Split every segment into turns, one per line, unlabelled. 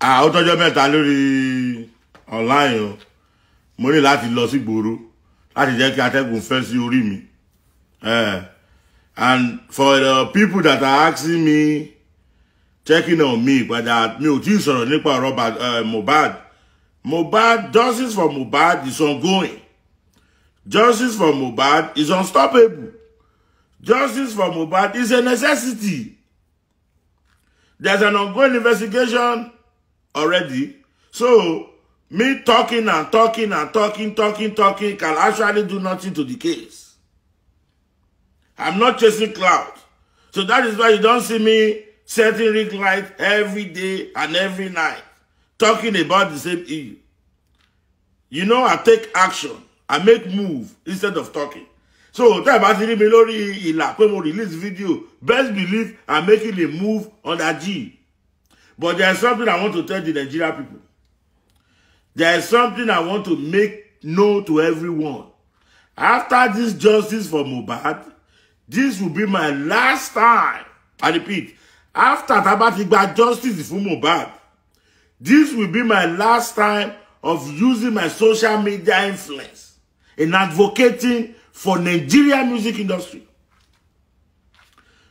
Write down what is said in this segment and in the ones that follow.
à ó tọ́jọ́ mẹ́ta lórí online o mo ní láti lọ sí gbòòrò láti jẹ́ kí atẹ́gùn fẹ́ sí orí mi eh, and for the people that are asking me checking on me padà mi ò tí ì sọ̀rọ̀ nípa ọ̀rọ̀ eh, Mohbad Mohbad justice for Mohbad is ongoing justice for Mohbad is unstoppable justice for Mohbad is a necessity there's an ongoing investigation already. So, me talking and talking and talking, talking, talking can actually do nothing to the case. I'm not chasing cloud. So that is why you don't see me setting ring light every day and every night, talking about the same issue. You know, I take action. I make move instead of talking. So tẹ́ bá ti rí mi lórí release video, best believe I'm making a move on that G. But there is something I want to tell the Nigerian people. There is something I want to make known to everyone. After this justice for Mubad, this will be my last time. I repeat, after tá bá ti justice for Mubad, this will be my last time of using my social media influence in advocating for Nigeria music industry.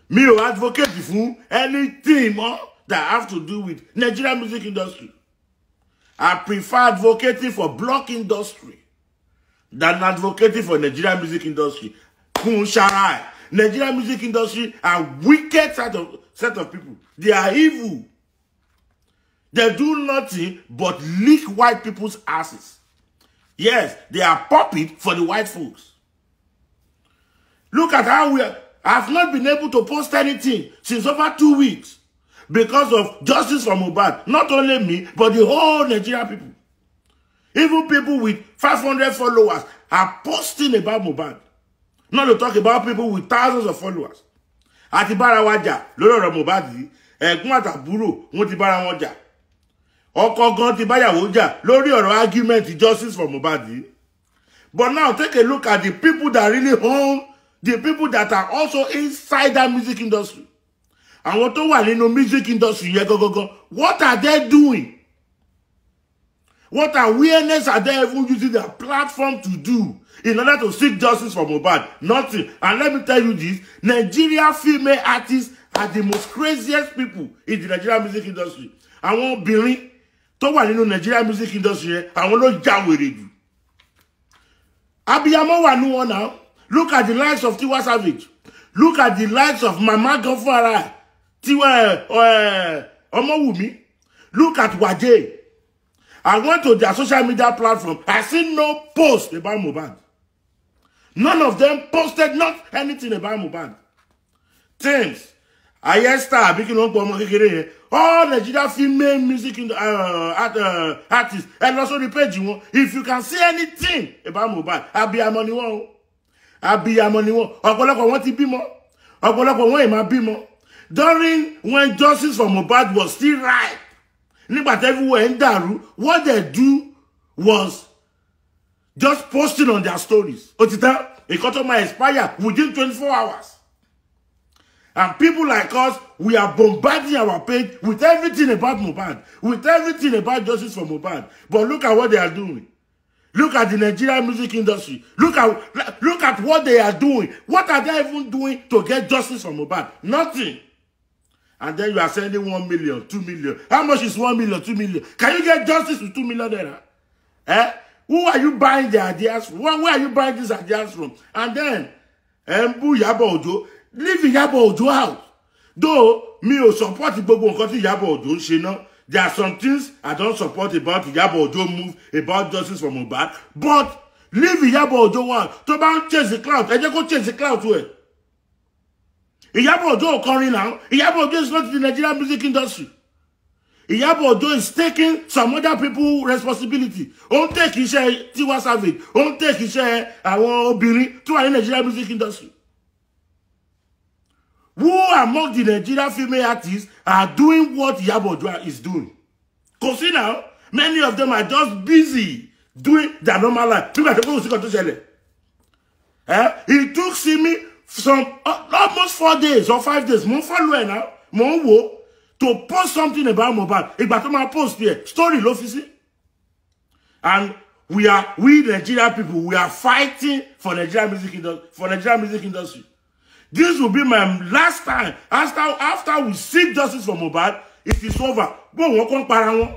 Me ò advocate fún anything mọ́ that have to do with Nigerian music industry. I prefer advocating for block industry than advocating for Nigerian music industry. Kunsharai. Nigerian music industry are wicked set of, set of people. They are evil. They do nothing but lick white people's asses. Yes, they are puppet for the white folks. Look at how we have not been able to post anything since over two weeks because of justice from Mohbad. Not only me, but the whole Nigerian people. Even people with 500 followers are posting about Mohbad. Not to talk about people with thousands of followers. Àti bára wa jà lórí ọ̀rọ̀ Mohbad yìí, ẹ̀gbọ́n àtàbúrò wọn ti bára wọn jà. Ọkọ ti báyàwó jà lórí ọ̀rọ̀ argument justice for Mohbad But now take a look at the people that really own, the people that are also inside that music industry àwọn tó wà nínú music industry yẹn gangan what are they doing what awareness are they even using their platform to do in order to seek justice for Mohbad nothing and let me tell you this Nigeria female artists are the most craziest people in the Nigerian music industry àwọn obìnrin tó wà nínú Nigerian music industry yẹn àwọn ló já wèrè jù abiyamọ wà ní wọn náà look at the likes of Tiwa Savage look at the likes of Mama Gofara tiwa eh, eh, Omowumi, look at Waje. I went to their social media platform. I seen no post about Mohbad. None of them posted not anything about Mohbad. Things. Ayesta, Abikin Onkwomo Kekere yẹn. All Nigeria female music in the, uh, at, uh, artists. And also the page wọn. If you can see anything about Mohbad, abiyamọ ni wọ́n o. Abiyamọ ni wọ́n. Ọ̀pọ̀lọpọ̀ wọn ti bímọ. Ọ̀pọ̀lọpọ̀ wọn ì máa bímọ during when justice from Mohbad was still ripe nígbà tí everywhere in Daru. what they do was just posting on their stories ó ti tán nǹkan tó expire within twenty four hours and people like us we are bombarding our page with everything about Mohbad with everything about justice for Mohbad but look at what they are doing Look at the Nigerian music industry. Look at look at what they are doing. What are they even doing to get justice from Mohbad? Nothing and then you are sending one million, two million. How much is one million, two million? Can you get justice with two million naira? Eh? Who are you buying the ideas from? Where, are you buying these ideas from? And then, Embu eh, Yabo Ojo, leave Yabo Ojo out. Though, me, ò support the nǹkan tí Yabo Ojo she know There are some things I don't support about Yabo Ojo move, about justice for Mohbad. But, leave Yabo Ojo out. Tó bá chase the clout, ẹ jẹ́ go chase the clout wẹ̀. Ìyábọ̀ Òjó ò now. náà. Ìyábọ̀ is not in the Nigerian music industry. Ìyábọ̀ Òjó is taking some other people responsibility. Don't take take iṣẹ́ Tiwa Savage. Ó ń take iṣẹ́ àwọn obìnrin tó to our Nigerian music industry. Who among the Nigerian female artists are doing what Ìyábọ̀ Òjó is doing? Because sí náà, many of them are just busy doing their normal life. Nígbà tó kó òsì kan tó ṣẹlẹ̀. He eh, took Simi some almost four days or five days mo ń follow ẹ̀ náà mo ń to post something about Mohbad ìgbà tó máa post yẹ story ló fi sí and we are we Nigeria people we are fighting for Nigeria music industry for Nigeria music industry this will be my last time after after we seek justice for Mohbad it is over bó wọn kàn para wọn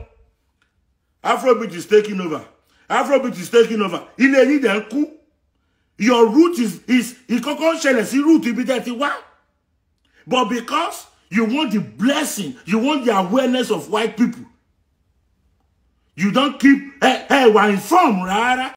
Afrobeat is taking over Afrobeat is taking over ilé ni dẹ̀ ń kú your root is is ìkọ́kọ́ ń root will be dirty. Why? but because you want the blessing you want the awareness of white people you don't keep hey hey. wà informed right?